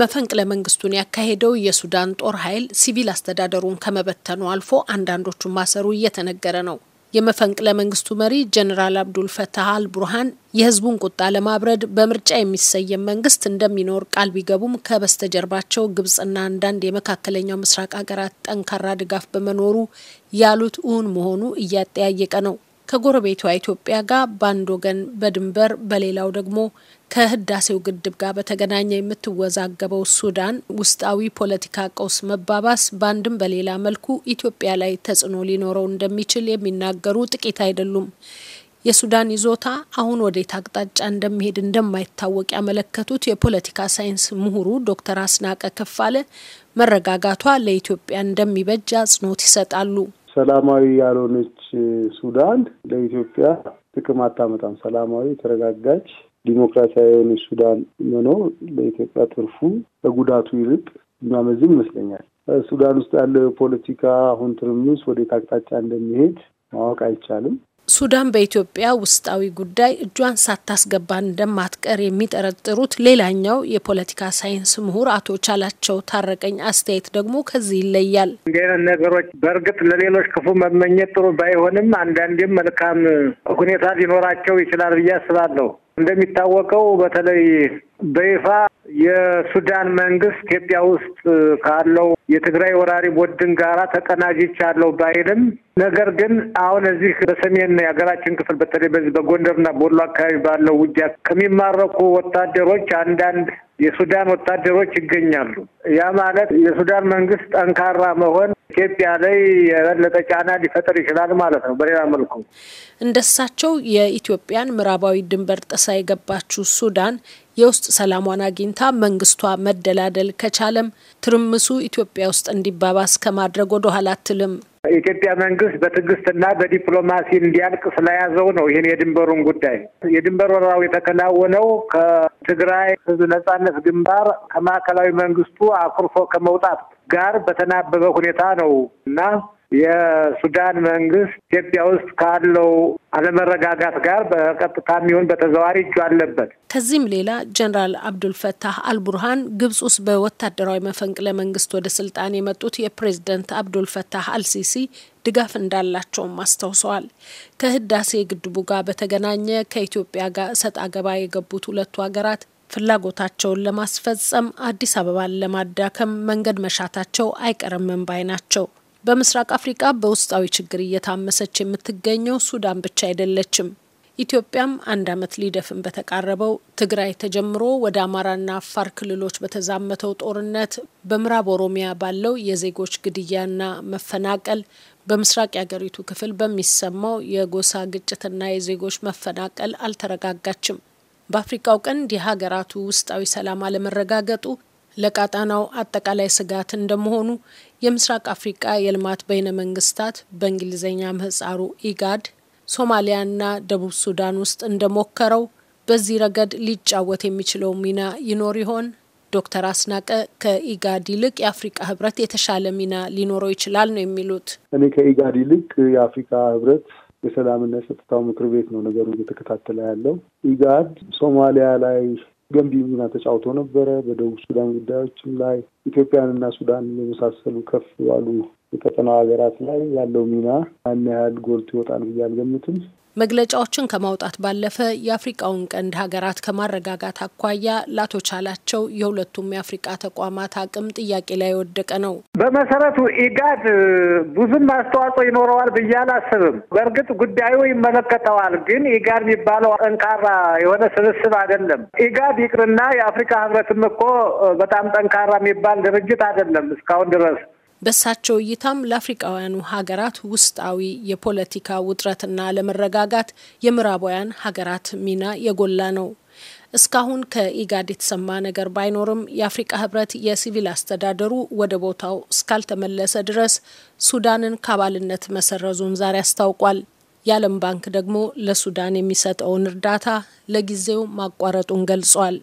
መፈንቅለ መንግስቱን ያካሄደው የሱዳን ጦር ኃይል ሲቪል አስተዳደሩን ከመበተኑ አልፎ አንዳንዶቹን ማሰሩ እየተነገረ ነው። የመፈንቅለ መንግስቱ መሪ ጀኔራል አብዱል ፈታህ አል ቡርሃን የህዝቡን ቁጣ ለማብረድ በምርጫ የሚሰየም መንግስት እንደሚኖር ቃል ቢገቡም ከበስተጀርባቸው ግብጽና አንዳንድ የመካከለኛው ምስራቅ ሀገራት ጠንካራ ድጋፍ በመኖሩ ያሉት እውን መሆኑ እያጠያየቀ ነው። ከጎረቤቷ ኢትዮጵያ ጋር በአንድ ወገን በድንበር በሌላው ደግሞ ከህዳሴው ግድብ ጋር በተገናኘ የምትወዛገበው ሱዳን ውስጣዊ ፖለቲካ ቀውስ መባባስ በአንድም በሌላ መልኩ ኢትዮጵያ ላይ ተጽዕኖ ሊኖረው እንደሚችል የሚናገሩ ጥቂት አይደሉም። የሱዳን ይዞታ አሁን ወዴት አቅጣጫ እንደሚሄድ እንደማይታወቅ ያመለከቱት የፖለቲካ ሳይንስ ምሁሩ ዶክተር አስናቀ ከፋለ መረጋጋቷ ለኢትዮጵያ እንደሚበጅ አጽንኦት ይሰጣሉ። ሰላማዊ ያልሆነች ሱዳን ለኢትዮጵያ ጥቅም አታመጣም። ሰላማዊ የተረጋጋች ዲሞክራሲያዊ የሆነች ሱዳን መኖር ለኢትዮጵያ ትርፉ ከጉዳቱ ይልቅ የሚያመዝም ይመስለኛል። ሱዳን ውስጥ ያለው የፖለቲካ አሁን ትርምስ ወዴት አቅጣጫ እንደሚሄድ ማወቅ አይቻልም። ሱዳን በኢትዮጵያ ውስጣዊ ጉዳይ እጇን ሳታስገባ እንደማትቀር የሚጠረጥሩት ሌላኛው የፖለቲካ ሳይንስ ምሁር አቶ ቻላቸው ታረቀኝ አስተያየት ደግሞ ከዚህ ይለያል። እንዲህ አይነት ነገሮች በእርግጥ ለሌሎች ክፉ መመኘት ጥሩ ባይሆንም አንዳንዴም መልካም ሁኔታ ሊኖራቸው ይችላል ብዬ አስባለሁ። እንደሚታወቀው በተለይ በይፋ የሱዳን መንግስት ኢትዮጵያ ውስጥ ካለው የትግራይ ወራሪ ቡድን ጋራ ተቀናጅቻለሁ ባይልም ነገር ግን አሁን እዚህ በሰሜን የሀገራችን ክፍል በተለይ በዚህ በጎንደርና በወሎ አካባቢ ባለው ውጊያ ከሚማረኩ ወታደሮች አንዳንድ የሱዳን ወታደሮች ይገኛሉ። ያ ማለት የሱዳን መንግስት ጠንካራ መሆን ኢትዮጵያ ላይ የበለጠ ጫና ሊፈጥር ይችላል ማለት ነው። በሌላ መልኩ እንደሳቸው የኢትዮጵያን ምዕራባዊ ድንበር ጥሳ የገባችው ሱዳን የውስጥ ሰላሟን አግኝታ መንግስቷ መደላደል ከቻለም ትርምሱ ኢትዮጵያ ውስጥ እንዲባባስ ከማድረግ ወደኋላ አትልም። የኢትዮጵያ መንግስት በትዕግስትና በዲፕሎማሲ እንዲያልቅ ስለያዘው ነው። ይህን የድንበሩን ጉዳይ የድንበር ወረራው የተከናወነው ከትግራይ ህዝብ ነጻነት ግንባር ከማዕከላዊ መንግስቱ አኩርፎ ከመውጣት ጋር በተናበበ ሁኔታ ነው እና የሱዳን መንግስት ኢትዮጵያ ውስጥ ካለው አለመረጋጋት ጋር በቀጥታ የሚሆን በተዘዋሪ እጁ አለበት። ከዚህም ሌላ ጀኔራል አብዱልፈታህ አልቡርሃን ግብጽ ውስጥ በወታደራዊ መፈንቅለ መንግስት ወደ ስልጣን የመጡት የፕሬዝደንት አብዱልፈታህ አልሲሲ ድጋፍ እንዳላቸውም አስታውሰዋል። ከህዳሴ ግድቡ ጋር በተገናኘ ከኢትዮጵያ ጋር እሰጥ አገባ የገቡት ሁለቱ ሀገራት ፍላጎታቸውን ለማስፈጸም አዲስ አበባን ለማዳከም መንገድ መሻታቸው አይቀርም ባይ ናቸው። በምስራቅ አፍሪቃ በውስጣዊ ችግር እየታመሰች የምትገኘው ሱዳን ብቻ አይደለችም። ኢትዮጵያም አንድ ዓመት ሊደፍን በተቃረበው ትግራይ ተጀምሮ ወደ አማራና አፋር ክልሎች በተዛመተው ጦርነት፣ በምዕራብ ኦሮሚያ ባለው የዜጎች ግድያና መፈናቀል፣ በምስራቅ የአገሪቱ ክፍል በሚሰማው የጎሳ ግጭትና የዜጎች መፈናቀል አልተረጋጋችም። በአፍሪቃው ቀንድ የሀገራቱ ውስጣዊ ሰላም አለመረጋገጡ ለቃጣናው አጠቃላይ ስጋት እንደመሆኑ የምስራቅ አፍሪቃ የልማት በይነ መንግስታት በእንግሊዝኛ ምህጻሩ ኢጋድ ሶማሊያና ደቡብ ሱዳን ውስጥ እንደሞከረው በዚህ ረገድ ሊጫወት የሚችለው ሚና ይኖር ይሆን? ዶክተር አስናቀ ከኢጋድ ይልቅ የአፍሪካ ህብረት የተሻለ ሚና ሊኖረው ይችላል ነው የሚሉት። እኔ ከኢጋድ ይልቅ የአፍሪካ ህብረት የሰላምና የጸጥታው ምክር ቤት ነው ነገሩ እየተከታተለ ያለው። ኢጋድ ሶማሊያ ላይ ገንቢ ሚና ተጫውቶ ነበረ። በደቡብ ሱዳን ጉዳዮችም ላይ ኢትዮጵያንና ሱዳን የመሳሰሉ ከፍ ባሉ የቀጠናው ሀገራት ላይ ያለው ሚና ያን ያህል ጎልቶ ይወጣል ብዬ አልገምትም። መግለጫዎችን ከማውጣት ባለፈ የአፍሪቃውን ቀንድ ሀገራት ከማረጋጋት አኳያ ቻላቸው የሁለቱም የአፍሪቃ ተቋማት አቅም ጥያቄ ላይ የወደቀ ነው። በመሰረቱ ኢጋድ ብዙም አስተዋጽኦ ይኖረዋል ብዬ አላስብም። በእርግጥ ጉዳዩ ይመለከተዋል፣ ግን ኢጋድ የሚባለው ጠንካራ የሆነ ስብስብ አይደለም። ኢጋድ ይቅርና የአፍሪካ ህብረትም እኮ በጣም ጠንካራ የሚባል ድርጅት አይደለም እስካሁን ድረስ በሳቸው እይታም ለአፍሪቃውያኑ ሀገራት ውስጣዊ የፖለቲካ ውጥረትና ለመረጋጋት የምዕራባውያን ሀገራት ሚና የጎላ ነው። እስካሁን ከኢጋድ የተሰማ ነገር ባይኖርም የአፍሪቃ ህብረት የሲቪል አስተዳደሩ ወደ ቦታው እስካልተመለሰ ድረስ ሱዳንን ከአባልነት መሰረዙን ዛሬ አስታውቋል። የዓለም ባንክ ደግሞ ለሱዳን የሚሰጠውን እርዳታ ለጊዜው ማቋረጡን ገልጿል።